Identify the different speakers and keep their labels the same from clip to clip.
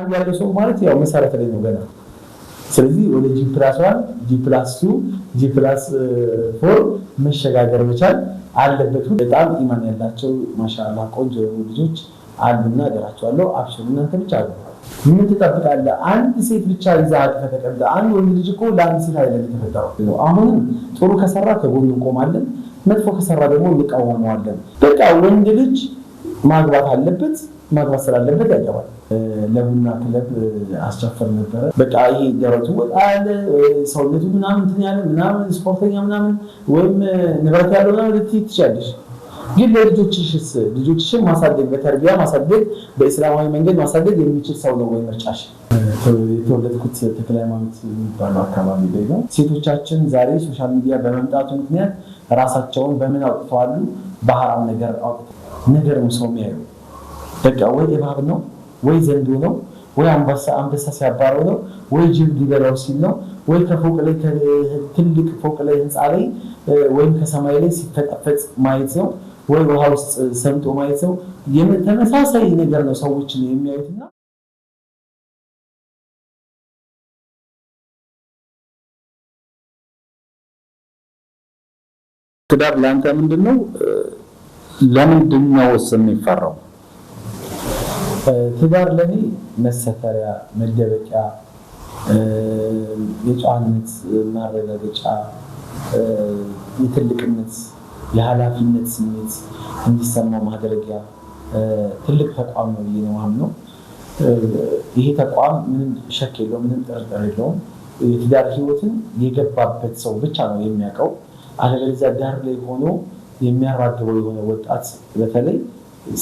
Speaker 1: አንድ ያለው ሰው ማለት ያው መሰረት ላይ ነው ገና። ስለዚህ ወደ ጂ ፕላስ ዋን ጂ ፕላስ ቱ ጂ ፕላስ ፎር መሸጋገር መቻል አለበት። በጣም ኢማን ያላቸው ማሻላ ቆንጆ የሆኑ ልጆች አሉና እገራቸዋለሁ። አብሽሩ እናንተ ብቻ አሉ። ምን ትጠብቃለህ? አንድ ሴት ብቻ ይዛ አቅፈ አንድ ወንድ ልጅ እኮ ለአንድ ሴት አይደለም የተፈጠረው። አሁንም ጥሩ ከሰራ ከጎኑ እንቆማለን፣ መጥፎ ከሰራ ደግሞ እንቃወመዋለን። በቃ ወንድ ልጅ ማግባት አለበት። ማግባት ስላለበት ያገባል። ለቡና ክለብ አስቸፈር ነበረ። በቃ ይሄ ደረቱ ወጣለ ሰውነቱ ምናምን እንትን ያለ ምናምን ስፖርተኛ ምናምን ወይም ንብረት ያለው ምናምን ልትይ ትችያለሽ። ግን ለልጆችሽስ ልጆችሽን ማሳደግ በተርቢያ ማሳደግ በእስላማዊ መንገድ ማሳደግ የሚችል ሰው ነው ወይ ምርጫሽ? የተወለድኩት ተክለ ሃይማኖት የሚባለው አካባቢ ላይ ነው። ሴቶቻችን ዛሬ ሶሻል ሚዲያ በመምጣቱ ምክንያት ራሳቸውን በምን አውጥተዋሉ? በሀራም ነገር አውጥተ ነገር ነው ሰው የሚያዩ በቃ ወይ እባብ ነው ወይ ዘንዶ ነው ወይ አንበሳ አንበሳ ሲያባረው ነው ወይ ጅብ ሊበላው ሲል ነው ወይ ከፎቅ ላይ ትልቅ ፎቅ ላይ ህንፃ ላይ ወይም ከሰማይ ላይ ሲፈጠፈጥ ማየት ነው ወይ ውሃ ውስጥ ሰምጦ ማየት ነው። ተመሳሳይ ነገር ነው ሰዎችን የሚያዩትና
Speaker 2: ትዳር ለአንተ ምንድን ነው? ለምንድን ነው የሚፈራው? ትዳር ለኔ መሰፈሪያ፣ መደበቂያ፣ የጨዋነት ማረጋገጫ፣ የትልቅነት የኃላፊነት ስሜት እንዲሰማ ማድረጊያ ትልቅ ተቋም ነው ብዬ ነው ይሄ ተቋም ምንም ሸክ የለው ምንም ጥርጥር የለውም። የትዳር ህይወትን የገባበት ሰው ብቻ ነው የሚያውቀው። አለበለዚያ ዳር ላይ ሆኖ የሚያራግበው የሆነ ወጣት በተለይ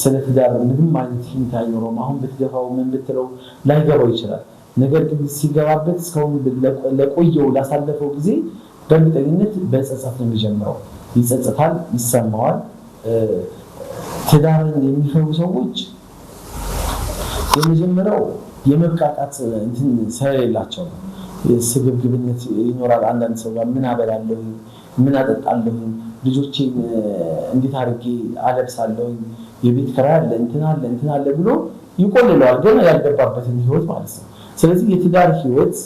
Speaker 2: ስለ ትዳር ምንም አይነት ሽንት አይኖረውም። አሁን ብትገፋው ምን ብትለው ላይገባው ይችላል። ነገር ግን ሲገባበት እስካሁን ለቆየው ላሳለፈው ጊዜ በእርግጠኝነት በጸጸት ነው የሚጀምረው። ይጸጸታል፣ ይሰማዋል። ትዳርን የሚፈሩ ሰዎች የመጀመሪያው የመብቃቃት እንትን ስለሌላቸው ነው። ስግብግብነት ይኖራል። አንዳንድ ሰው ጋር ምን አበላለሁ፣ ምን አጠጣለሁ፣ ልጆቼን እንዴት አድርጌ አለብሳለሁኝ የቤት ስራ አለ፣ እንትን አለ፣ እንትን አለ ብሎ ይቆልለዋል። ገና ያልገባበትን ህይወት ማለት ነው። ስለዚህ የትዳር ህይወት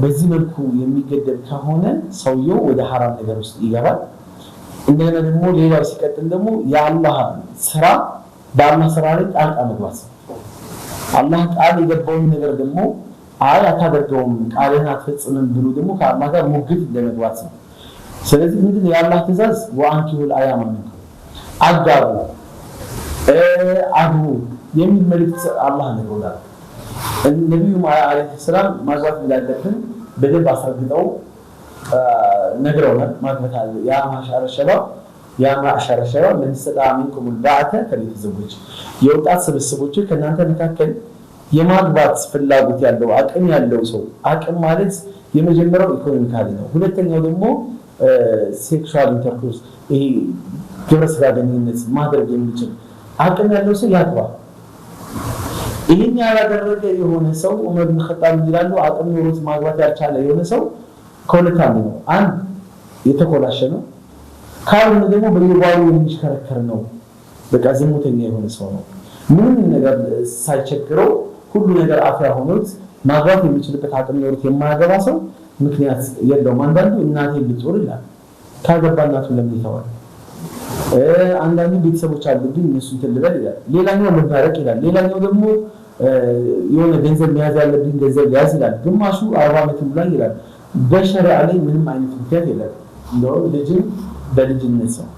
Speaker 2: በዚህ መልኩ የሚገደብ ከሆነ ሰውየው ወደ ሀራም ነገር ውስጥ ይገባል። እንደገና ደግሞ ሌላው ሲቀጥል ደግሞ የአላህ ስራ በአላህ ስራ ላይ ጣልቃ መግባት አላህ ቃል የገባውን ነገር ደግሞ አይ አታደርገውም፣ ቃልህን አትፈጽምም ብሎ ደግሞ ከአላህ ጋር ሙግት ለመግባት ነው። ስለዚህ ምንድን ነው የአላህ ትእዛዝ ወአንኪሁል አያማ አጋቡ፣ አግቡ የሚል መልእክት አላህ ነግሮናል። ነቢዩ ዓለይሂ ሰላም ማግባት እንዳለብን በደንብ አስረግጠው ነግረውናል። ማግባት አለ ያ ማዕሸረ ሸባብ ያ ማዕሸረ ሸባብ መን ኢስተጣዐ ሚንኩሙል ባአተ የወጣት ስብስቦች ከእናንተ መካከል የማግባት ፍላጎት ያለው አቅም ያለው ሰው አቅም ማለት የመጀመሪያው ኢኮኖሚካሊ ነው። ሁለተኛው ደግሞ ሴክሹዋል ኢንተርኮርስ ይሄ ግብረ ስጋ ግንኙነት ማድረግ የሚችል አቅም ያለው ሰው ያግባ። ይህን ያላደረገ የሆነ ሰው ዑመር ብን ኸጣብ ይላሉ፣ አቅም ኖሮት ማግባት ያልቻለ የሆነ ሰው ከሁለት አንዱ ነው። አንድ የተኮላሸ ነው፣ ካልሆነ ደግሞ በየባሉ የሚሽከረከር ነው። በቃ ዝሙተኛ የሆነ ሰው ነው። ምንም ነገር ሳይቸግረው ሁሉ ነገር አፍያ ሆኖት ማግባት የሚችልበት አቅም ኖሮት የማያገባ ሰው ምክንያት የለውም። አንዳንዱ እናቴ ልጦር ይላል። ካገባ እናቱ ለምን ይተዋል? አንዳንዱ ቤተሰቦች አሉብኝ እነሱን ትልበል ይላል። ሌላኛው መባረቅ ይላል። ሌላኛው ደግሞ የሆነ ገንዘብ መያዝ ያለብኝ ገንዘብ ያዝ ይላል። ግማሹ አርባ ዓመት ሙላኝ ይላል። በሸሪያ ላይ ምንም አይነት ምክንያት የለም። እንደው ልጅም በልጅነት ሰው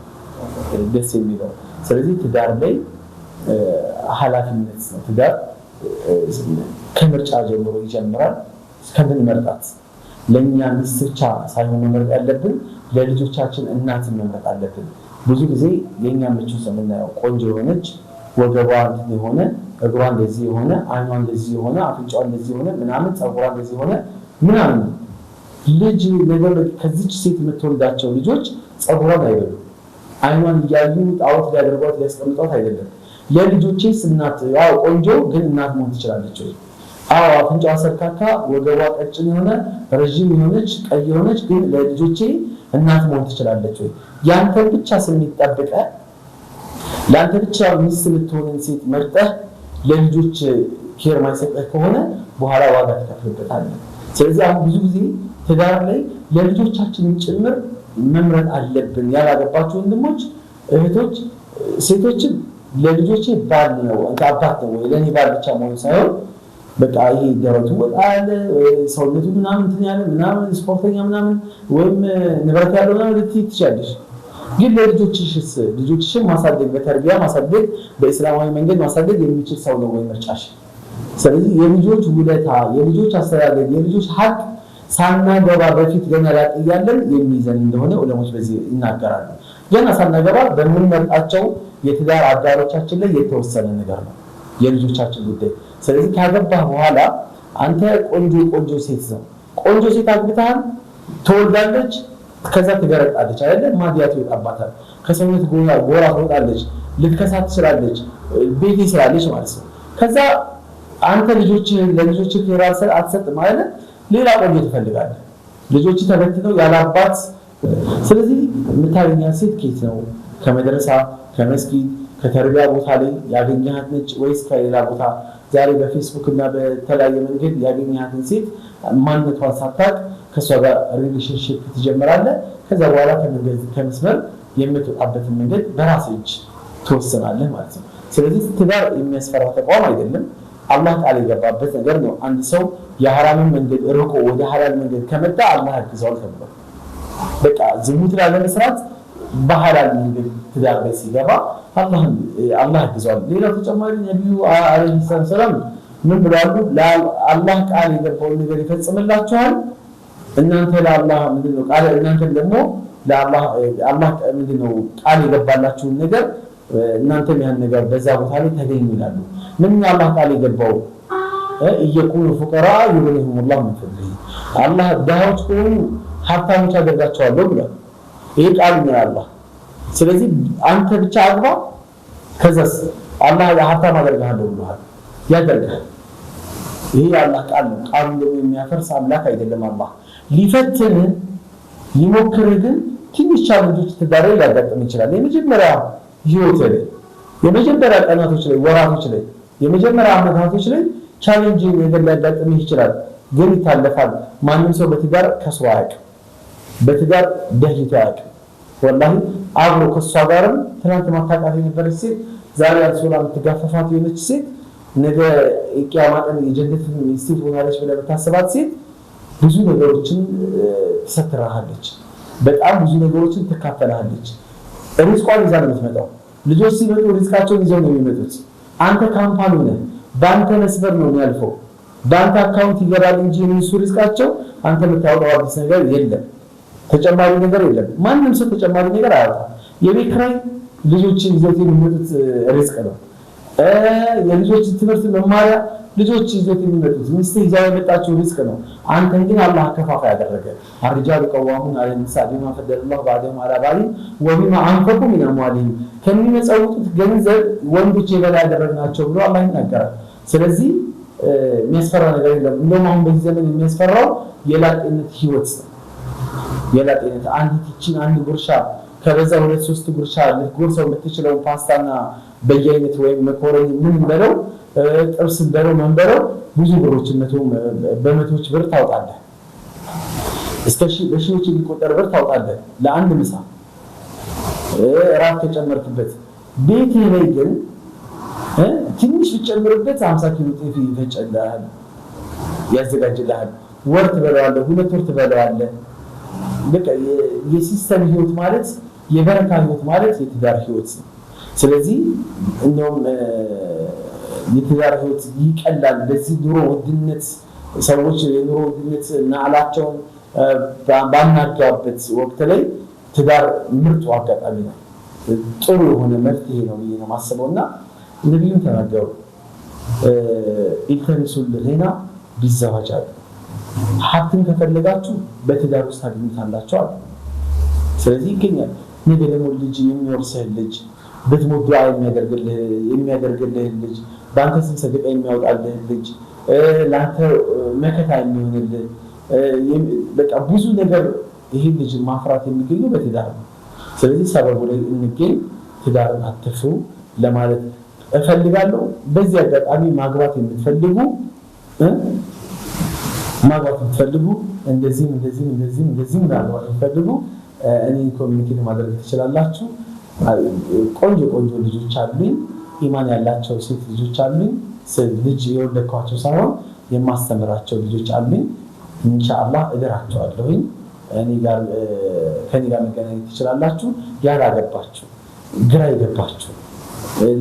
Speaker 2: ደስ የሚለው። ስለዚህ ትዳር ላይ ኃላፊነት ነው። ትዳር ከምርጫ ጀምሮ ይጀምራል መርጣት ለእኛ ሚስት ብቻ ሳይሆን መምረጥ ያለብን ለልጆቻችን እናትን መምረጥ አለብን። ብዙ ጊዜ የእኛ ምቹ የምናየው ቆንጆ የሆነች ወገቧ የሆነ እግሯ እንደዚህ የሆነ አይኗ እንደዚህ የሆነ አፍንጫዋ እንደዚህ የሆነ ምናምን ፀጉሯ እንደዚህ የሆነ ምናምን ልጅ ነገር ከዚች ሴት የምትወልዳቸው ልጆች ፀጉሯን አይበሉ አይኗን እያዩ ጣዖት ሊያደርጓት ሊያስቀምጧት አይደለም። የልጆቼ እናት ያው ቆንጆ ግን እናት መሆን ትችላለች ወይ? አዎ አፍንጫዋ ሰርካካ፣ ወገቧ ቀጭን የሆነ ረዥም የሆነች ቀይ የሆነች ግን ለልጆቼ እናት መሆን ትችላለች ወይ? ያንተ ብቻ ስሜት ጠብቀህ ለአንተ ብቻ ሚስት የምትሆንን ሴት መርጠህ ለልጆች ኬር ማይሰጠህ ከሆነ በኋላ ዋጋ ትከፍልበታለህ። ስለዚህ አሁን ብዙ ጊዜ ትዳር ላይ ለልጆቻችን ጭምር መምረጥ አለብን። ያላገባችሁ ወንድሞች፣ እህቶች፣ ሴቶችም ለልጆቼ ባል ነው አባት ነው ወይ ለእኔ ባል ብቻ መሆን ሳይሆን በቃ ይሄ ደረቱ ወጣ ያለ ሰውነቱ ምናምን እንትን ያለ ምናምን ስፖርተኛ ምናምን ወይም ንብረት ያለው ምናምን ልትይ ትችያለሽ። ግን ለልጆችሽስ ልጆችሽን ማሳደግ በተርቢያ ማሳደግ በእስላማዊ መንገድ ማሳደግ የሚችል ሰው ነው ወይ ምርጫሽ? ስለዚህ የልጆች ውለታ፣ የልጆች አስተዳደግ፣ የልጆች ሀቅ ሳናገባ በፊት ገና ላቅ እያለን የሚይዘን እንደሆነ ዑለሞች በዚህ ይናገራሉ። ገና ሳናገባ በምንመርጣቸው የትዳር አጋሮቻችን ላይ የተወሰነ ነገር ነው የልጆቻችን ጉዳይ ስለዚህ ካገባህ በኋላ አንተ ቆንጆ ቆንጆ ሴት ነው ቆንጆ ሴት አግብተሃል፣ ትወልዳለች፣ ከዛ ትገረጣለች አይደለ? ማዲያት ይወጣባታል፣ ከሰውነት ጎራ ጎራ ትወጣለች፣ ልትከሳ ትችላለች፣ ቤት ይስራለች ማለት ነው። ከዛ አንተ ለልጆች ለልጆችህ ራስ ሌላ ቆንጆ ትፈልጋለ ልጆች ተበትነው ያለ አባት። ስለዚህ የምታገኛት ሴት ኬት ነው? ከመድረሳ ከመስጊድ ከተርቢያ ቦታ ላይ ያገኘሃት ነች ወይስ ከሌላ ቦታ ዛሬ በፌስቡክ እና በተለያየ መንገድ ያገኘሃትን ሴት ማንነቷን ሳታቅ ከእሷ ጋር ሪሌሽንሽፕ ትጀምራለህ። ከዛ በኋላ ከመስመር የምትወጣበትን መንገድ በራስህ እጅ ትወስናለህ ማለት ነው። ስለዚህ ትዳር የሚያስፈራ ተቋም አይደለም። አላህ ቃል የገባበት ነገር ነው። አንድ ሰው የሐራምን መንገድ ርቆ ወደ ሐላል መንገድ ከመጣ አላህ ያግዘዋል ተብሎ በቃ ዝሙት ላለመስራት በሐላል መንገድ ትዳር ላይ ሲገባ አላህ ያግዘዋል። ሌላ ተጨማሪ ነቢዩ ዓለይሂ ሰላም ምን ብለዋሉ? አላህ ቃል የገባውን ነገር ይፈጽምላቸዋል እናንተ ለአላህ ምንድነው ቃል እናንተ ደግሞ ለአላህ ምንድነው ቃል የገባላችሁን ነገር እናንተም ያን ነገር በዛ ቦታ ላይ ተገኙ ይላሉ። ምንም አላህ ቃል የገባው እየኩኑ ፉቀራ ዩግኒሁም ላ ምን ፈድሊህ አላህ ድሃዎች ከሆኑ ሀብታሞች አደርጋቸዋለሁ ብሏል። ይህ ቃል ነው አላህ ስለዚህ አንተ ብቻ አግባ፣ ከዛስ አላህ ሀብታም አደርግሃለሁ ብሎሃል፣ ያደርግሃል። ይህ አላህ ቃል ነው። ቃሉ ደግሞ የሚያፈርስ አምላክ አይደለም። አላህ ሊፈትን ሊሞክር ግን ትንሽ ቻሌንጆች ትዳር ላይ ሊያጋጥም ይችላል። የመጀመሪያ ህይወት ላይ፣ የመጀመሪያ ቀናቶች ላይ፣ ወራቶች ላይ፣ የመጀመሪያ አመታቶች ላይ ቻሌንጅ ነገር ሊያጋጥም ይችላል። ግን ይታለፋል። ማንም ሰው በትዳር ከስሮ አያውቅም። በትዳር ደህይቶ አያውቅም። ወላሂ አብሮ ከእሷ ጋርም ትናንት ማታውቃት የነበረች ሴት ዛሬ አንሶላ የምትጋፈፋት የሆነች ሴት ነገ የቂያማ ቀን የጀነት ሴት ሆናለች ብለህ የምታስባት ሴት ብዙ ነገሮችን ትሰትራሃለች። በጣም ብዙ ነገሮችን ትካፈላለች። ሪዝቋን ይዛ ነው የምትመጣው። ልጆች ሲመጡ ሪዝቃቸውን ይዘው ነው የሚመጡት። አንተ ካምፓኒ ነህ። በአንተ መስበር ነው የሚያልፈው። በአንተ አካውንት ይገባል እንጂ የሚሱ ሪዝቃቸው አንተ የምታወጣው አዲስ ነገር የለም። ተጨማሪ ነገር የለም። ማንም ሰው ተጨማሪ ነገር አያወጣም። የቤት ኪራይ ልጆችን ይዘት የሚመጡት ሪስቅ ነው። የልጆች ትምህርት መማሪያ ልጆች ይዘት የሚመጡት ሚስት ይዛ የመጣችው ሪስቅ ነው። አንተ ግን አላህ አከፋፋይ ያደረገ አርጃሉ ቀዋሙን አለ ኒሳ ቢማ ፈደለላሁ ባዕደሁም ዐላ ባዕድ ወቢማ አንፈቁ ሚን አምዋሊሂም ከሚመጸውጡት ገንዘብ ወንዶች የበላይ ያደረግናቸው ብሎ አላህ ይናገራል። ስለዚህ የሚያስፈራ ነገር የለም። እንደውም አሁን በዚህ ዘመን የሚያስፈራው የላጤነት ህይወት ነው። የላጤነት አንድ ኪችን አንድ ጉርሻ ከበዛ ሁለት ሶስት ጉርሻ ልትጎርሰው የምትችለውን ፓስታና በየአይነት ወይም መኮረኒ ምን በለው ጥብስ በለው ምን በለው ብዙ ብሮች በመቶች ብር ታውጣለህ። እስከ በሺዎች የሚቆጠር ብር ታውጣለህ ለአንድ ምሳ እራት ተጨመርክበት። ቤቴ ላይ ግን ትንሽ ብጨምርበት ሀምሳ ኪሎ ጤፍ ይፈጨልሃል፣ ያዘጋጅልሃል። ወር ትበለዋለህ፣ ሁለት ወር ትበለዋለህ። በቃ የሲስተም ህይወት ማለት የበረካ ህይወት ማለት የትዳር ህይወት ነው። ስለዚህ እንደውም የትዳር ህይወት ይቀላል። በዚህ ኑሮ ውድነት ሰዎች የኑሮ ውድነት ናዕላቸውን ባናጋበት ወቅት ላይ ትዳር ምርጡ አጋጣሚ ነው። ጥሩ የሆነ መፍትሄ ነው ብዬ ነው የማስበው እና ነቢዩም ተናገሩ ኢልተንሱል ሌና ቢዘዋጅ አሉ ሀብትን ከፈለጋችሁ በትዳር ውስጥ ታገኙታላችሁ አለ። ስለዚህ ይገኛል። ነገ ደግሞ ልጅ የሚወርስህን ልጅ ብትሞት ዱዓ የሚያደርግልህን ልጅ በአንተ ስም ሰደቃ የሚያወጣልህን ልጅ ለአንተ መከታ የሚሆንልህ በቃ ብዙ ነገር ይህን ልጅ ማፍራት የሚገኘው በትዳር ነው። ስለዚህ ሰበቡ ላይ እንገኝ፣ ትዳርን አትፍሩ ለማለት እፈልጋለሁ። በዚህ አጋጣሚ ማግባት የምትፈልጉ ማግባት የምትፈልጉ እንደዚህም እንደዚህም እንደዚህም እንደዚህም ማግባት የምትፈልጉ እኔ ኮሚኒኬት ማድረግ ትችላላችሁ። ቆንጆ ቆንጆ ልጆች አሉኝ፣ ኢማን ያላቸው ሴት ልጆች አሉኝ። ልጅ የወለድኳቸው ሳይሆን የማስተምራቸው ልጆች አሉኝ። ኢንሻአላህ እድራቸዋለሁኝ። ከኔ ጋር መገናኘት ትችላላችሁ። ያላገባችሁ፣ ግራ የገባችሁ፣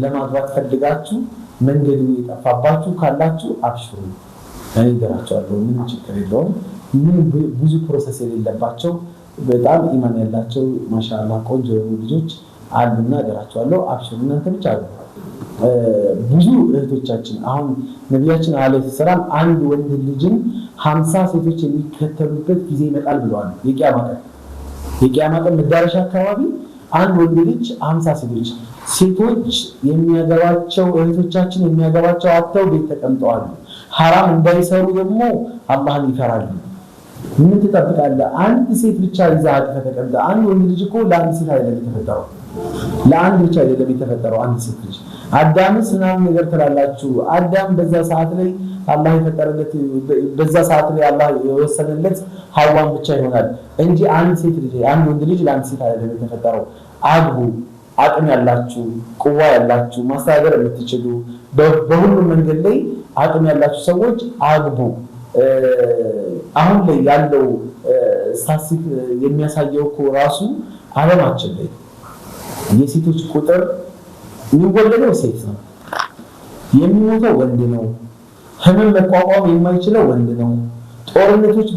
Speaker 2: ለማግባት ፈልጋችሁ መንገድ የጠፋባችሁ ካላችሁ አብሽሩ። እነግራቸዋለሁ። ምንም ችግር የለውም። ምን ብዙ ፕሮሰስ የሌለባቸው በጣም ኢማን ያላቸው ማሻላ ቆንጆ የሆኑ ልጆች አሉና እደራቸዋለሁ። አብሽሩ እናንተ ብቻ አሉ። ብዙ እህቶቻችን አሁን ነቢያችን አለይሂ ሰላም አንድ ወንድ ልጅን ሀምሳ ሴቶች የሚከተሉበት ጊዜ ይመጣል ብለዋል። የቂያማ ቀን የቂያማ ቀን መዳረሻ አካባቢ አንድ ወንድ ልጅ ሀምሳ ሴቶች ሴቶች የሚያገባቸው እህቶቻችን የሚያገባቸው አጥተው ቤት ተቀምጠዋል። ሐራም እንዳይሰሩ ደግሞ አላህን ይፈራሉ። ምን ትጠብቃለህ? አንድ ሴት ብቻ ይዘህ ከተቀምጠ አንድ ወንድ ልጅ እኮ ለአንድ ሴት አይደለም የተፈጠረው፣ ለአንድ ብቻ አይደለም የተፈጠረው። አንድ ሴት ልጅ አዳምስ ምናምን ነገር ትላላችሁ። አዳም በዛ ሰዓት ላይ አላህ የፈጠረለት በዛ ሰዓት ላይ አላህ የወሰነለት ሐዋን ብቻ ይሆናል እንጂ አንድ ሴት ልጅ አንድ ወንድ ልጅ ለአንድ ሴት አይደለም የተፈጠረው። አግቡ፣ አቅም ያላችሁ፣ ቁዋ ያላችሁ፣ ማስተዳደር የምትችሉ በሁሉም መንገድ ላይ አቅም ያላቸው ሰዎች አግቡ። አሁን ላይ ያለው ስታሲክ የሚያሳየው እኮ ራሱ አለማችን ላይ የሴቶች ቁጥር የሚወለደው ሴት ነው፣ የሚሞተው ወንድ ነው፣ ህመም መቋቋም የማይችለው ወንድ ነው። ጦርነቶች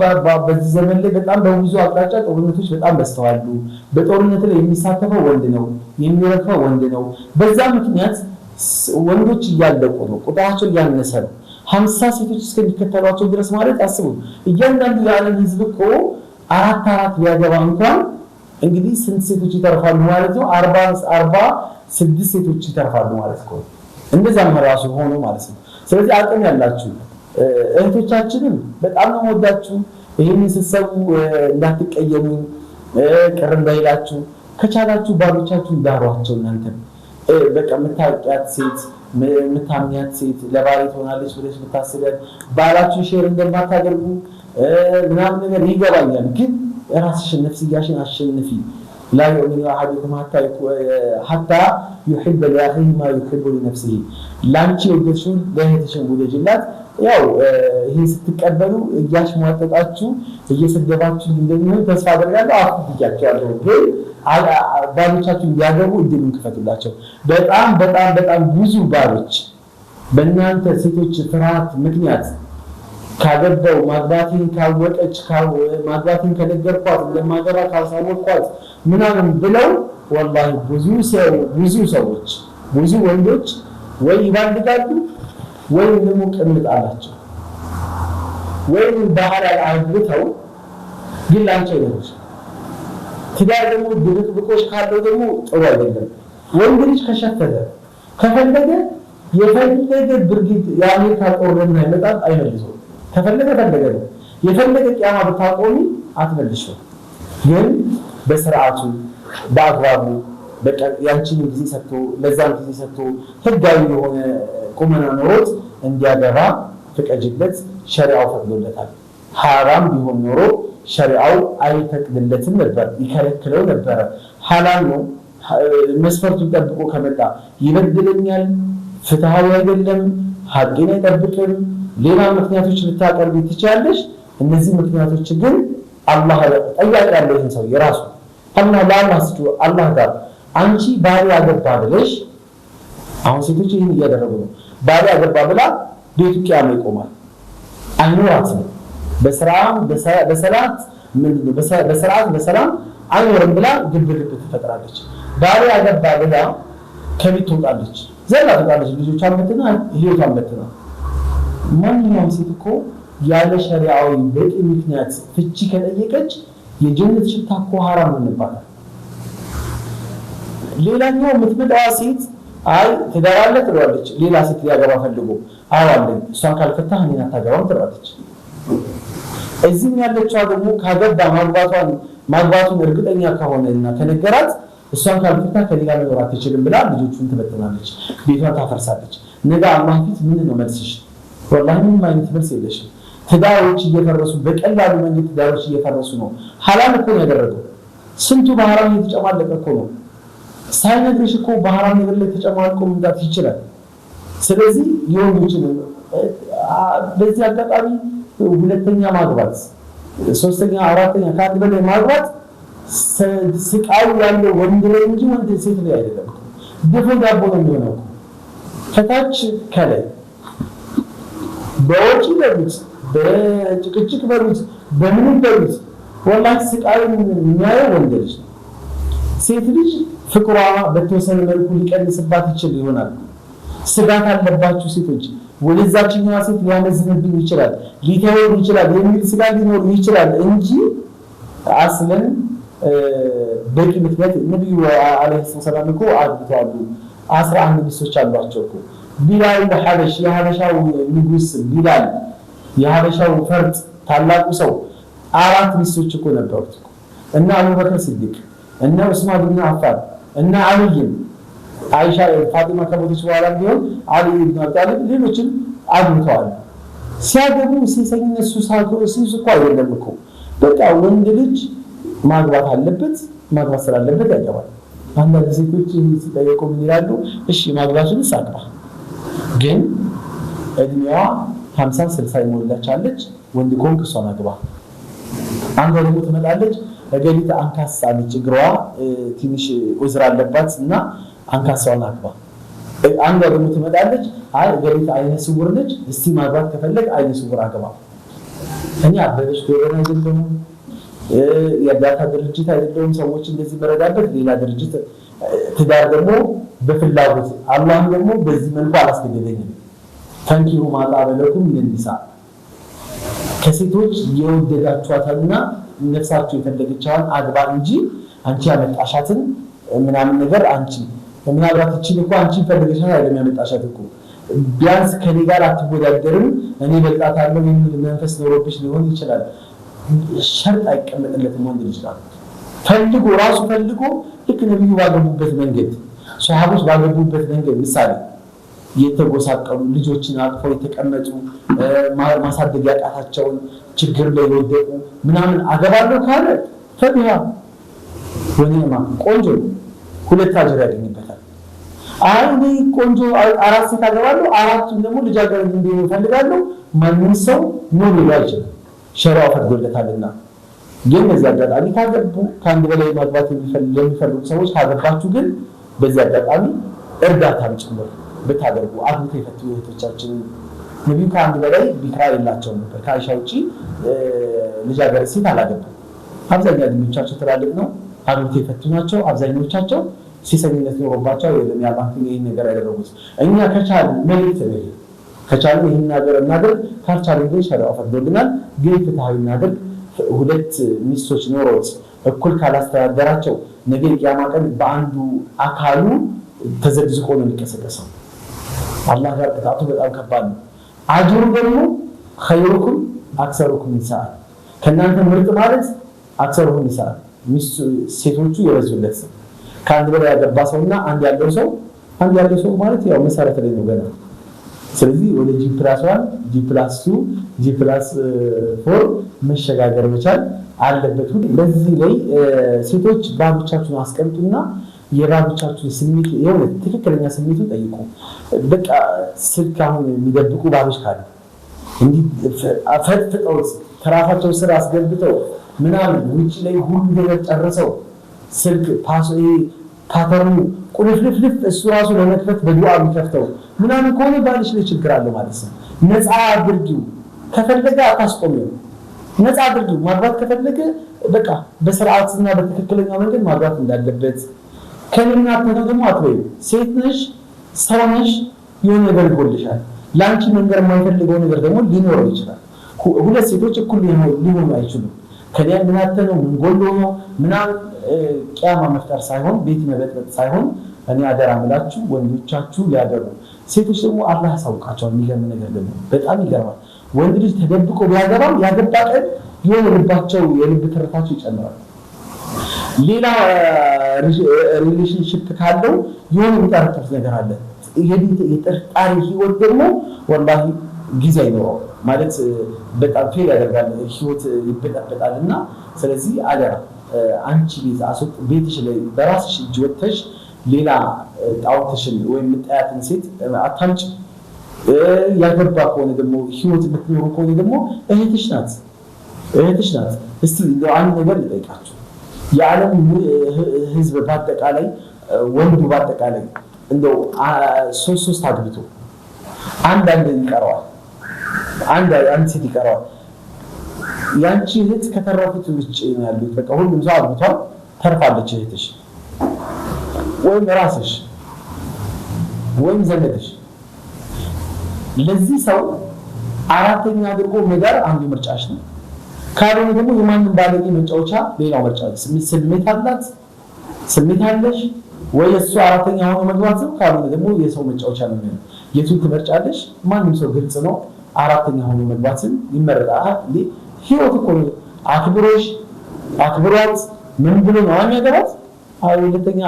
Speaker 2: በዚህ ዘመን ላይ በጣም በብዙ አቅጣጫ ጦርነቶች በጣም በስተዋሉ። በጦርነት ላይ የሚሳተፈው ወንድ ነው፣ የሚረክፈው ወንድ ነው። በዛ ምክንያት ወንዶች እያለቁ ነው፣ ቁጥራቸው እያነሰ ነው። ሀምሳ ሴቶች እስከሚከተሏቸው ድረስ ማለት አስቡ። እያንዳንዱ የዓለም ህዝብ እኮ አራት አራት ቢያገባ እንኳን እንግዲህ ስንት ሴቶች ይተርፋሉ ማለት ነው? አርባ አርባ ስድስት ሴቶች ይተርፋሉ ማለት ነው። እንደዛም ራሱ ሆኖ ማለት ነው። ስለዚህ አቅም ያላችሁ እህቶቻችንም በጣም ነው ወዳችሁ። ይህን ስትሰሙ እንዳትቀየሙ፣ ቅር እንዳይላችሁ ከቻላችሁ ባሎቻችሁ ዳሯቸው እናንተም በቃ የምታውቂያት ሴት የምታምኛት ሴት ለባሌ ትሆናለች ብለሽ የምታስቢያት ባላችሁን ሼር እንደማታደርጉ ምናምን ነገር ይገባኛል። ግን ራስሽን ነፍስያሽን አሸንፊ። لا يؤمن أحدكم حتى حتى يحب لأخيه ما يحب لنفسه ለአንቺ የወደድሽውን ለእህትሽን ውደጅላት። ያው ይሄ ስትቀበሉ እያሽሟጠጣችሁ እየሰደባችሁ እንደሚሆን ተስፋ አደርጋለሁ። አፍ ብያቸዋለሁ፣ ግን ባሎቻችሁ እንዲያገቡ እድሉን ክፈቱላቸው። በጣም በጣም በጣም ብዙ ባሎች በእናንተ ሴቶች ፍርሃት ምክንያት ካገባው ማግባቴን ካወቀች ማግባቴን ከነገርኳት እንደማገባ ካሳወቅኳት ምናምን ብለው ወላሂ ብዙ ሰው ብዙ ሰዎች ብዙ ወንዶች ወይ ይባልጋሉ ወይ ደግሞ ቅምጥ አላቸው ወይም ባህላል አግብተው ግን ላንቸው ይነች ትዳር ደግሞ ድብቅብቆች ካለው ደግሞ ጥሩ አይደለም። ወንድ ልጅ ከሸፈተ ከፈለገ የፈለገ ብርጊት የአሜሪካ ጦርና ይመጣል አይመልሰውም። ተፈለገ ፈለገ ነው። የፈለገ ቂያማ ብታቆሚ አትመልሽም። ግን በስርዓቱ በአግባቡ ያንቺንም ጊዜ ሰጥቶ ለዛም ጊዜ ሰጥቶ ህጋዊ የሆነ ቁመና ኖሮት እንዲያገባ ፍቀጅለት። ሸሪአው ፈቅዶለታል። ሀራም ቢሆን ኖሮ ሸሪው አይፈቅድለትም ነበር፣ ይከለክለው ነበረ። ሐላል ነው መስፈርቱን ጠብቆ ከመጣ ይበድለኛል፣ ፍትሃዊ አይደለም፣ ሀቄን አይጠብቅም ሌላ ምክንያቶች ልታቀርቢ ትችላለሽ። እነዚህ ምክንያቶች ግን አላህ ጠያቂ ያለሽን ሰው የራሱ አላህ ለአላህ ስጩ አላህ ጋር አንቺ ባሪ ያገባ ብለሽ አሁን ሴቶች ይህን እያደረጉ ነው። ባሪ ያገባ ብላ ቤቱ ቅያማ ይቆማል አይኖራት ነው በስርዓት በሰላት በስርዓት በሰላም አይኖርም ብላ ግብግብ ትፈጥራለች። ባሪ ያገባ ብላ ከቤት ትወጣለች፣ ዘላ ትወጣለች። ልጆቿን በትና ህይወቷን በትና ማንኛውም ሴት እኮ ያለ ሸሪዓዊ በቂ ምክንያት ፍቺ ከጠየቀች የጀነት ሽታ እኮ ሀራም እንባላል። ሌላኛው የምትመጣዋ ሴት አይ ትዳር አለ ትለዋለች። ሌላ ሴት ሊያገባ ፈልጎ አዋለን እሷ ካልፈታህ እኔን አታገባም ትለዋለች። እዚህም ያለችዋ ደግሞ ካገባ ማግባቷን ማግባቱን እርግጠኛ ከሆነ እና ከነገራት እሷን ካልፈታህ ከሌላ መኖር አትችልም ብላ ልጆቹን ትበትናለች፣ ቤቷን ታፈርሳለች። ነገ አላህ ፊት ምንድን ነው መልስሽ? ወላሂ ምንም አይነት መልስ የለሽም። ትዳሮች እየፈረሱ በቀላሉ መንገድ ትዳሮች እየፈረሱ ነው። ሐላል እኮ ነው ያደረገው። ስንቱ ባህራም እየተጨማለቀ እኮ ነው። ሳይነግርሽ እኮ ባህራም ነገር ላይ ተጨማልቆ መምጣት ይችላል። ስለዚህ የወንዶችን በዚህ አጋጣሚ ሁለተኛ ማግባት፣ ሶስተኛ፣ አራተኛ ከአንድ በላይ ማግባት ስቃዩ ያለው ወንድ ላይ እንጂ ወንድ ሴት ላይ አይደለም። ድፎ ዳቦ ነው የሚሆነው ከታች ከላይ በወጪ በሉት፣ በጭቅጭቅ በሉት፣ በምንም በሉት ወላሂ ስቃዩን የሚያየው ወንድ ልጅ ነው። ሴት ልጅ ፍቅሯ በተወሰነ መልኩ ሊቀንስባት ይችል ይሆናል። ስጋት አለባችሁ ሴቶች፣ ወደዛችኛዋ ሴት ሊያመዝንብኝ ይችላል፣ ሊተወው ይችላል የሚል ስጋት ሊኖር ይችላል እንጂ አስለን በቂ ምክንያት ነቢዩ አለይሂ ሰላም እኮ አግብተዋል። አስራ አንድ ሚስቶች አሏቸው እኮ ቢላል ለሐበሽ የሐበሻው ንጉስ ቢላል የሐበሻው ፈርጥ ታላቁ ሰው አራት ሚስቶች እኮ ነበሩት እና አቡበከር ሲዲቅ እና ዑስማን ብን አፋን እና አልይም አይሻ ፋጢማ ከሞተች በኋላ ቢሆን አልይ ብን አብጣልብ ሌሎችም አግብተዋል። ሲያገቡ ሴሰኝነት ሱስ እኮ አይደለም እኮ በቃ ወንድ ልጅ ማግባት አለበት፣ ማግባት ስላለበት ያገባል። አንዳንድ ሴቶች ይህ ሲጠየቁ ምን ይላሉ? እሺ ማግባትንስ አግባ ግን እድሜዋ ሀምሳ ስልሳ የሞላች አለች። ወንድ ኮንክ እሷን መግባ አንዷ ደግሞ ትመጣለች። እገሊት አንካሳ አለች፣ እግሯ ትንሽ ውዝር አለባት እና አንካሳውን አግባ። አንዷ ደግሞ ትመጣለች። አይ እገሊት አይነ ስውር ነች፣ እስቲ ማግባት ከፈለግ አይነ ስውር አግባ። እኛ አበበች ጎበና አይደለሁም፣ የእርዳታ ድርጅት አይደለሁም። ሰዎች እንደዚህ መረዳበት ሌላ ድርጅት ትዳር ደግሞ በፍላጎት አላህም ደግሞ በዚህ መልኩ አላስገደደኝም። ፈንኪሁ ማጣ በለኩም ለኒሳ ከሴቶች የወደዳችኋታልና ነፍሳቸው የፈለገችዋን አግባ እንጂ አንቺ ያመጣሻትን ምናምን ነገር አንቺ ምናልባት እችን እኮ አንቺ ፈልገሻት አይደለም ያመጣሻት እኮ ቢያንስ ከኔ ጋር አትወዳደርም፣ እኔ በልጣታለሁ የሚል መንፈስ ኖሮብሽ ሊሆን ይችላል። ሸርጥ አይቀመጥለትም ወንድ ልጅ ፈልጎ ራሱ ፈልጎ ልክ ነብዩ ባገቡበት መንገድ ሶሃቦች ባገቡበት መንገድ ምሳሌ የተጎሳቀሉ ልጆችን አቅፈው የተቀመጡ ማሳደግ ያቃታቸውን ችግር ላይ የወደቁ ምናምን አገባለሁ ካለ ፈቢሃ ወኔማ ቆንጆ ሁለት አጀር ያገኝበታል። አይ ቆንጆ አራት ሴት አገባለሁ፣ አራቱም ደግሞ ልጃገረድ እንዲሆኑ እፈልጋለሁ። ማንም ሰው ኖ ይችላል ሸራ ፈቅዶለታልና። ግን በዚህ አጋጣሚ ካገቡ ከአንድ በላይ ማግባት የሚፈልጉ ሰዎች ካገባችሁ ግን በዚህ አጋጣሚ እርዳታም ጭምር ብታደርጉ አግብተው የፈቱ እህቶቻችን ነቢዩ ከአንድ በላይ ቢክራ የላቸውም ነበር። ከአይሻ ውጭ ልጃገረድ ሴት አላገቡም። አብዛኛ ዕድሜዎቻቸው ትላልቅ ነው። አግብተው የፈቱ ናቸው። አብዛኞቻቸው ሴሰኝነት ኖሮባቸው የሚያባት ይህን ነገር ያደረጉት እኛ ከቻል መልት ነው። ከቻል ይህን ነገር እናደርግ፣ ካልቻሉ ግን ሸሪዓ ፈቅዶልናል፣ ግን ፍትሐዊ እናደርግ ሁለት ሚስቶች ኖሮት እኩል ካላስተዳደራቸው ነገ ቅያማ ቀን በአንዱ አካሉ ተዘግዝቆ ነው የሚቀሰቀሰው። አላህ ጋር ቅጣቱ በጣም ከባድ ነው። አጅሩ ደግሞ ኸይሩኩም አክሰሩኩም ይሰአል፣ ከእናንተ ምርጥ ማለት አክሰሩኩም ይሰአል፣ ሴቶቹ የበዙለት ሰው። ከአንድ በላይ ያገባ ሰውና አንድ ያለው ሰው አንድ ያለው ሰው ማለት ያው መሰረት ላይ ነው ገና ስለዚህ ወደ ጂ ፕላስ ዋን ጂ ፕላስ ቱ ጂ ፕላስ ፎር መሸጋገር መቻል አለበት። ሁሉ በዚህ ላይ uh, ሴቶች ባሎቻችሁን አስቀምጡና የባሎቻችሁን ስሜቱ የሆነ ትክክለኛ ስሜቱን ጠይቁ። በቃ ስልክ አሁን የሚደብቁ ባሎች ካሉ እንዲህ ፈጥፍጠው ስራ አስገብተው ምናምን ውጭ ላይ ሁሉ ነገር ጨርሰው ስልክ ፓስ ታተሩ ቁልፍልፍልፍ እሱ ራሱ ለመክፈት በዱዓ የሚከፍተው ምናምን ከሆነ ባልሽ ላይ ችግር አለው ማለት ነው። ነፃ አድርጊው፣ ከፈለገ አታስቆሚው። ነፃ አድርጊው። ማግባት ከፈለገ በቃ በስርዓትና በትክክለኛ መንገድ ማግባት እንዳለበት ከምና ተነ ደግሞ አትበይ። ሴት ነሽ፣ ሰው ነሽ፣ የሆነ ነገር ይጎልሻል። ለአንቺ መንገር የማይፈልገው ነገር ደግሞ ሊኖረው ይችላል። ሁለት ሴቶች እኩል ሊሆኑ አይችሉም። ከዚያ ምናተ ነው ምንጎሎ ነው ምናምን ቅያማ መፍጠር ሳይሆን ቤት መበጥበጥ ሳይሆን እኔ አደራ ምላችሁ ወንዶቻችሁ ያደሩ። ሴቶች ደግሞ አላህ ያሳውቃቸዋል። የሚገርም ነገር ደግሞ በጣም ይገርማል። ወንድ ልጅ ተደብቆ ቢያገባም ያገባ ቀን የሆነ ልባቸው የልብ ትርታቸው ይጨምራል። ሌላ ሪሌሽንሽፕ ካለው የሆነ የሚጠረጠር ነገር አለ። የጥርጣሪ ህይወት ደግሞ ወላሂ ጊዜ አይኖረው ማለት በጣም ፌል ያደርጋል። ህይወት ይበጣበጣል እና ስለዚህ አደራ አንቺ ቤት አስወጥ ቤትሽ ላይ በራስሽ እጅ ወጥተሽ ሌላ ጣዖትሽን ወይም የምጠያትን ሴት አታምጭ። ያገባ ከሆነ ደግሞ ህይወት የምትኖሩ ከሆነ ደግሞ እህትሽ ናት እህትሽ ናት። እስቲ አንድ ነገር ልጠይቃችሁ። የዓለም ህዝብ በአጠቃላይ ወንዱ በአጠቃላይ እንደው ሶስት ሶስት አግብቶ አንድ አንድ ይቀረዋል፣ አንድ አንድ ሴት ይቀረዋል። ያንቺ እህት ከተረፉት ውጭ ነው ያሉት። በቃ ሁሉም ሰው አግብቷል፣ ተርፋለች እህትሽ ወይም ራስሽ ወይም ዘመድሽ። ለዚህ ሰው አራተኛ አድርጎ መዳር አንዱ ምርጫሽ ነው። ካልሆነ ደግሞ የማንም ባለጌ መጫወቻ ሌላው ምርጫ። ስሜት አላት ስሜት አለሽ ወይ እሱ አራተኛ ሆኖ መግባት ነው። ካልሆነ ደግሞ የሰው መጫወቻ ነው የሚሆነው። የቱን ትመርጫለሽ? ማንም ሰው ግልጽ ነው። አራተኛ ሆኖ መግባትን ይመረጣል። ህይወት እኮ ነው። አክብሮሽ አክብሯት ምን ብሎ ነው የሚያገባት? ሁለተኛ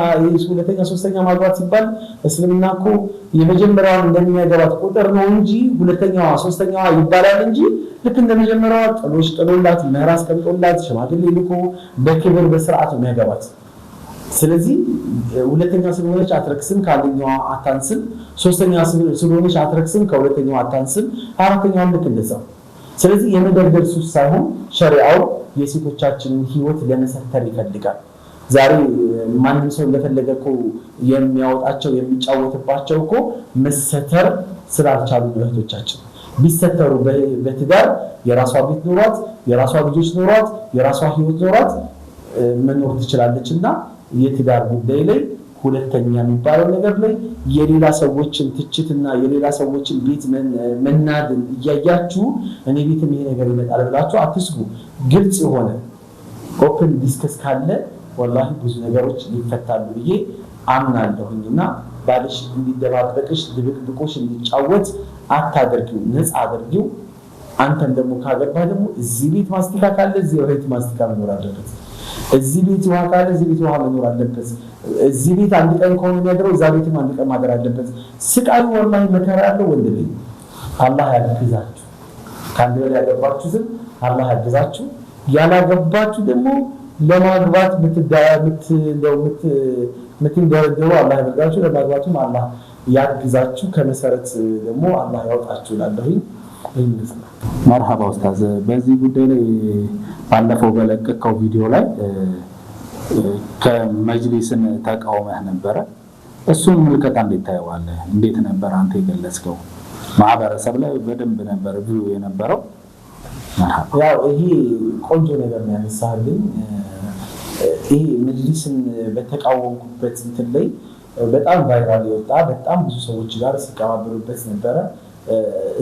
Speaker 2: ሁለተኛ ሶስተኛ ማግባት ሲባል እስልምና እኮ የመጀመሪያዋን እንደሚያገባት ቁጥር ነው እንጂ ሁለተኛዋ ሶስተኛዋ ይባላል እንጂ ልክ እንደመጀመሪያዋ ጥሎሽ ጥሎላት መራስ ቀምጦላት ሽማግሌ ልኮ በክብር በስርዓት ነው የሚያገባት። ስለዚህ ሁለተኛ ስለሆነች አትረክስም፣ ከአንደኛዋ አታንስም። ሶስተኛ ስለሆነች አትረክስም፣ ከሁለተኛዋ አታንስም። አራተኛዋን ልክ እንደዛ ስለዚህ የመደርደር ሱስ ሳይሆን ሸሪዓው የሴቶቻችንን ህይወት ለመሰተር ይፈልጋል። ዛሬ ማንም ሰው እንደፈለገ እኮ የሚያወጣቸው የሚጫወትባቸው እኮ መሰተር ስላልቻሉ እህቶቻችን ቢሰተሩ በትዳር የራሷ ቤት ኖሯት የራሷ ልጆች ኖሯት የራሷ ህይወት ኖሯት መኖር ትችላለች እና የትዳር ጉዳይ ላይ ሁለተኛ የሚባለው ነገር ላይ የሌላ ሰዎችን ትችትና የሌላ ሰዎችን ቤት መናድን እያያችሁ እኔ ቤትም ይሄ ነገር ይመጣል ብላችሁ አትስጉ። ግልጽ የሆነ ኦፕን ዲስከስ ካለ ወላሂ ብዙ ነገሮች ይፈታሉ ብዬ አምናለሁኝ እና ባልሽ እንዲደባበቅሽ ድብቅብቆሽ እንዲጫወት አታደርጊው፣ ነፃ አድርጊው። አንተን ደግሞ ካገባ ደግሞ እዚህ ቤት ማስቲካ ካለ እዚህ ቤት ማስቲካ መኖር አለበት። እዚህ ቤት ውሃ ካለ እዚህ ቤት ውሃ መኖር አለበት። እዚህ ቤት አንድ ቀን ከሆነ የሚያድረው እዛ ቤትም አንድ ቀን ማደር አለበት። ስቃሉ ወላሂ መከራ ያለው ወንድ ወንድሜ አላህ ያግዛችሁ። ከአንድ በላይ ያገባችሁትን አላህ ያግዛችሁ። ያላገባችሁ ደግሞ ለማግባት ምትንደረደሩ አላህ ያደርጋችሁ። ለማግባቱም አላህ ያግዛችሁ። ከመሰረት ደግሞ አላህ ያውጣችሁ ላለሁኝ
Speaker 3: መርሃባ ኡስታዝ፣ በዚህ ጉዳይ ላይ ባለፈው በለቀቀው ቪዲዮ ላይ ከመጅሊስን ተቃውመህ ነበረ። እሱን ምልከታ እንዴት ታየዋለህ? እንዴት ነበር አንተ የገለጽከው? ማህበረሰብ ላይ በደንብ ነበር ብዙ የነበረው። ያው ይሄ ቆንጆ ነገር ነው ያነሳልኝ። ይሄ መጅሊስን በተቃወምኩበት እንትን ላይ በጣም ቫይራል የወጣ በጣም ብዙ ሰዎች ጋር ሲቀባበሉበት ነበረ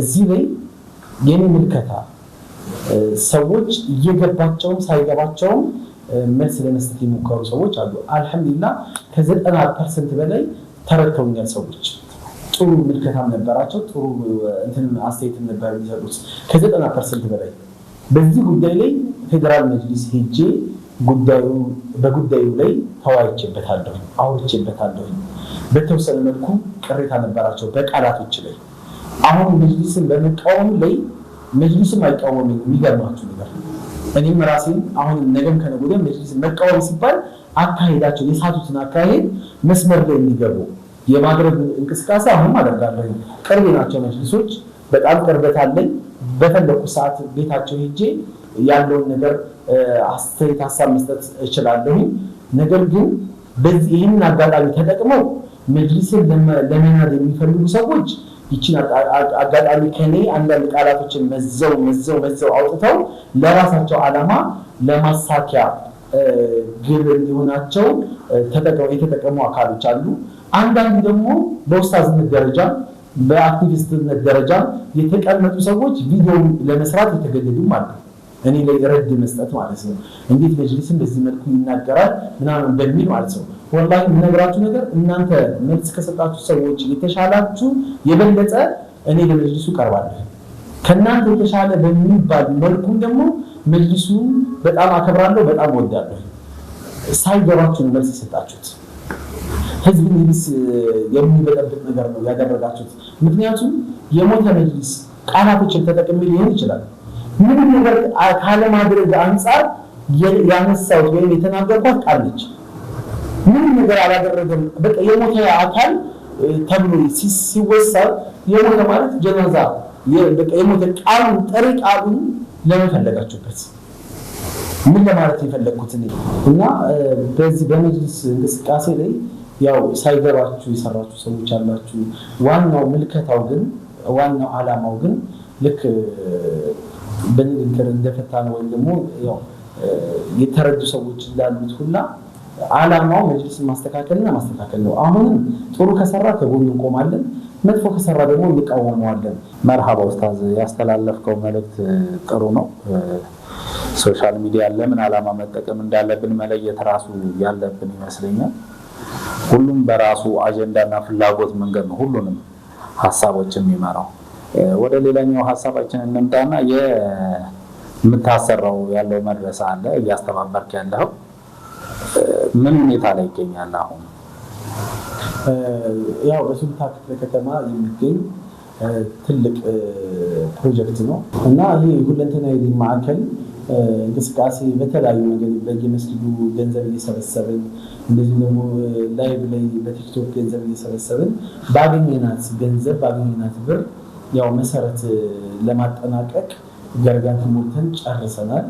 Speaker 3: እዚህ ላይ የኔ ምልከታ ሰዎች እየገባቸውም ሳይገባቸውም መልስ ለመስጠት የሞከሩ ሰዎች አሉ። አልሐምዱሊላ ከዘጠና ፐርሰንት በላይ ተረድተውኛል ሰዎች ጥሩ ምልከታም ነበራቸው። ጥሩ እንትን አስተያየትም ነበር የሚሰጡት ከዘጠና ፐርሰንት በላይ። በዚህ ጉዳይ ላይ ፌዴራል መጅሊስ ሄጄ በጉዳዩ ላይ ተወያይቼበታለሁ፣ አውርቼበታለሁ። በተወሰነ መልኩ ቅሬታ ነበራቸው በቃላቶች ላይ አሁን መጅሊስን በመቃወም ላይ መጅሊስም አይቃወምም። የሚገርማችሁ ነገር እኔም ራሴን አሁን ነገም ከነገ ወዲያ መጅሊስን መቃወም ሲባል አካሄዳቸው የሳቱትን አካሄድ መስመር ላይ የሚገቡ የማድረግ እንቅስቃሴ አሁንም አደርጋለሁ። ቅርቤ ናቸው መጅሊሶች፣ በጣም ቅርበት አለኝ። በፈለኩ ሰዓት ቤታቸው ሄጄ ያለውን ነገር አስተያየት፣ ሀሳብ መስጠት እችላለሁ። ነገር ግን በዚህ ይህንን አጋጣሚ ተጠቅመው መጅሊስን ለመናድ የሚፈልጉ ሰዎች ይችን አጋጣሚ ከኔ አንዳንድ ቃላቶችን መዘው መዘው መዘው አውጥተው ለራሳቸው ዓላማ ለማሳኪያ ግብ እንዲሆናቸው የተጠቀሙ አካሎች አሉ። አንዳንድ ደግሞ በውስታዝነት ደረጃ በአክቲቪስትነት ደረጃ የተቀመጡ ሰዎች ቪዲዮ ለመስራት የተገደዱም አሉ። እኔ ላይ ረድ መስጠት ማለት ነው። እንዴት መጅሊስ በዚህ መልኩ ይናገራል ምናምን በሚል ማለት ነው። ወላሂ የምነግራችሁ ነገር እናንተ መልስ ከሰጣችሁ ሰዎች የተሻላችሁ የበለጠ እኔ ለመጅልሱ ቀርባለሁ። ከእናንተ የተሻለ በሚባል መልኩ ደግሞ መጅልሱ በጣም አከብራለሁ፣ በጣም ወዳለሁ። ሳይገባችሁ መልስ የሰጣችሁት ህዝብ ልብስ የሚበጠብጥ ነገር ነው ያደረጋችሁት። ምክንያቱም የሞተ መጅልስ ቃላቶችን ተጠቅሜ ሊሆን ይችላል ምንም ነገር ካለማድረግ አንጻር ያነሳሁት ወይም የተናገርኳት ቃል ነች። ምንም ነገር አላደረገም። በቃ የሞተ አካል ተብሎ ሲወሰድ የሞተ ማለት ጀነዛ በቃ የሞተ ቃሉን ጥሪ ቃሉን ለምን ፈለጋችሁበት? ምን ለማለት የፈለግኩት እኔ እና በዚህ በመጅልስ እንቅስቃሴ ላይ ያው ሳይገባችሁ የሰራችሁ ሰዎች አላችሁ። ዋናው ምልከታው ግን ዋናው አላማው ግን ልክ በንግግር እንደፈታ ነው ወይም ደግሞ የተረዱ ሰዎች እንዳሉት ሁላ አላማው መጅልስን ማስተካከልና ማስተካከል ነው። አሁንም ጥሩ ከሰራ ከጎኑ እንቆማለን፣ መጥፎ ከሰራ ደግሞ እንቃወመዋለን።
Speaker 4: መርሃባ ኡስታዝ፣ ያስተላለፍከው መልእክት ጥሩ ነው። ሶሻል ሚዲያ ለምን አላማ መጠቀም እንዳለብን መለየት ራሱ ያለብን ይመስለኛል። ሁሉም በራሱ አጀንዳና ፍላጎት መንገድ ነው ሁሉንም ሀሳቦች የሚመራው። ወደ ሌላኛው ሀሳባችን እንምጣና የምታሰራው ያለው መድረሳ አለ እያስተባበርክ ያለው ምን ሁኔታ ላይ ይገኛል አሁን?
Speaker 5: ያው በሱልታ ክፍለ ከተማ የሚገኝ ትልቅ ፕሮጀክት ነው እና ይህ ሁለንተና ሁለንተናዊ ማዕከል እንቅስቃሴ በተለያዩ መንገድ በየመስጊዱ ገንዘብ እየሰበሰብን እንደዚህ ደግሞ ላይቭ ላይ በቲክቶክ ገንዘብ እየሰበሰብን ባገኘናት ገንዘብ ባገኘናት ብር ያው መሰረት ለማጠናቀቅ ገርጋት ሞልተን ጨርሰናል።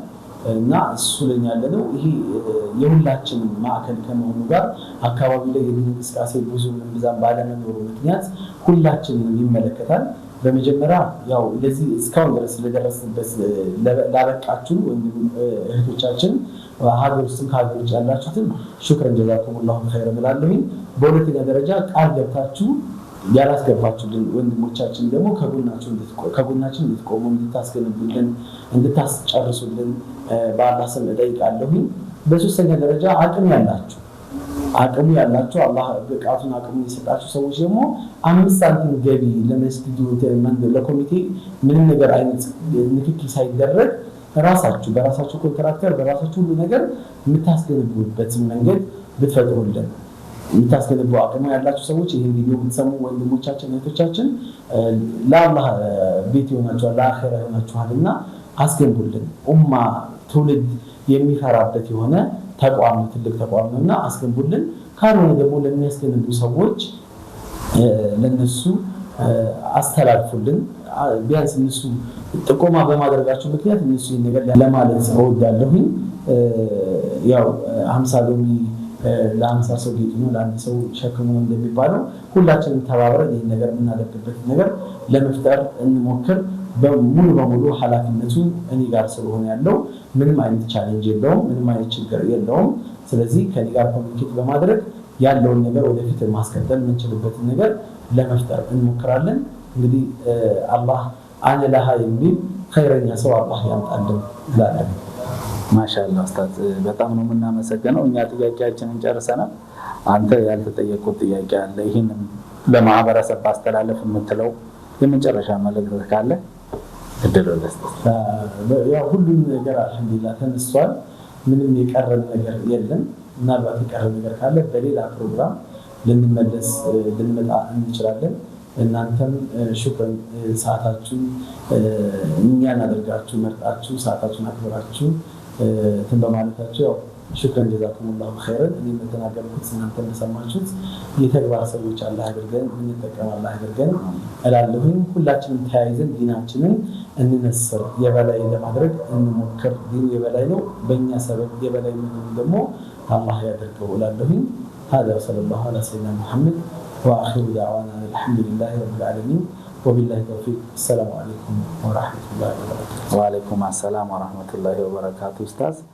Speaker 5: እና እሱ ለኝ ያለ ነው። ይሄ የሁላችን ማዕከል ከመሆኑ ጋር አካባቢ ላይ የግል እንቅስቃሴ ብዙ እምብዛም ባለመኖሩ ምክንያት ሁላችን ይመለከታል። በመጀመሪያ ያው እንደዚህ እስካሁን ድረስ ለደረስበት ላበቃችሁ እህቶቻችን ሀገር ውስጥም ከሀገር ውጭ ያላችሁትም ሹክረን ጀዛኩሙላሁ ኸይረን እላለሁኝ። በሁለተኛ ደረጃ ቃል ገብታችሁ ያላስገባችሁልን ወንድሞቻችን ደግሞ ከጎናችን እንድትቆሙ እንድታስገነቡልን እንድታስጨርሱልን በአላስም እጠይቃለሁ። በሶስተኛ ደረጃ አቅም ያላችሁ አቅሙ ያላቸው አላህ ብቃቱን አቅሙ የሰጣቸው ሰዎች ደግሞ አምስት ሳንቲም ገቢ ለመስጊዱ ለኮሚቴ ምንም ነገር አይነት ንክኪ ሳይደረግ ራሳችሁ በራሳችሁ ኮንትራክተር በራሳችሁ ሁሉ ነገር የምታስገነቡበትን መንገድ ብትፈጥሩልን የምታስገነቡ አቅሙ ያላቸው ሰዎች ይህን ቪዲዮ የምትሰሙ ወንድሞቻችን እህቶቻችን፣ ለአላህ ቤት ይሆናችኋል፣ ለአኼራ ይሆናችኋል እና አስገንቡልን። ኡማ ትውልድ የሚፈራበት የሆነ ተቋም ነው፣ ትልቅ ተቋም ነው እና አስገንቡልን። ካልሆነ ደግሞ ለሚያስገነቡ ሰዎች ለነሱ አስተላልፉልን። ቢያንስ እነሱ ጥቆማ በማድረጋቸው ምክንያት እነሱ ነገር ለማለት እወዳለሁኝ። ያው ሀምሳ ሎሚ ለአንሳ ሰው ጌጡ ነው ለአንድ ሰው ሸክሙ ነው እንደሚባለው ሁላችንም ተባብረን ይህን ነገር የምናደርግበት ነገር ለመፍጠር እንሞክር። ሙሉ በሙሉ ኃላፊነቱ እኔ ጋር ስለሆነ ያለው ምንም አይነት ቻሌንጅ የለውም፣ ምንም አይነት ችግር የለውም። ስለዚህ ከኔ ጋር ኮሚኒኬት በማድረግ ያለውን ነገር ወደፊት ማስቀጠል የምንችልበትን ነገር ለመፍጠር እንሞክራለን። እንግዲህ አላህ አነ ለሃ የሚል ኸይረኛ ሰው አላህ ያምጣልን
Speaker 4: እላለን። ማሻላ ኡስታዝ በጣም ነው የምናመሰግነው። እኛ ጥያቄያችንን ጨርሰናል። አንተ ያልተጠየቁት ጥያቄ አለ። ይህንም ለማህበረሰብ ባስተላለፍ የምትለው የመጨረሻ መልእክት ካለ
Speaker 5: ያው ሁሉም ነገር አልሐምዱሊላህ ተነስቷል። ምንም የቀረብ ነገር የለም። ምናልባት የቀረብ ነገር ካለ በሌላ ፕሮግራም ልንመለስ ልንመጣ እንችላለን። እናንተም ሹክረን ሰዓታችሁን እኛን አድርጋችሁ መርጣችሁ ሰዓታችሁን አክብራችሁ እንትን በማለታችሁ ያው ሹክረን ጀዛኩሙላሁ ኸይረን። እኔ የምተናገርኩት እናንተ እንደሰማችሁት የተግባር ሰዎች አላህ አድርገን እንጠቀም አላህ አድርገን እላለሁኝ። ሁላችንም ተያይዘን ዲናችንን እንነስር፣ የበላይ ለማድረግ እንሞክር። ዲን የበላይ ነው። በእኛ ሰበብ የበላይ መሆኑን ደግሞ አላህ ያደርገው እላለሁኝ። ሀዛ ሰለላሁ አላ ሰይድና ሙሐመድ واخر دعوانا الحمد لله رب العالمين وبالله التوفيق السلام عليكم ورحمه الله
Speaker 6: وبركاته. وعليكم السلام ورحمه الله وبركاته استاذ.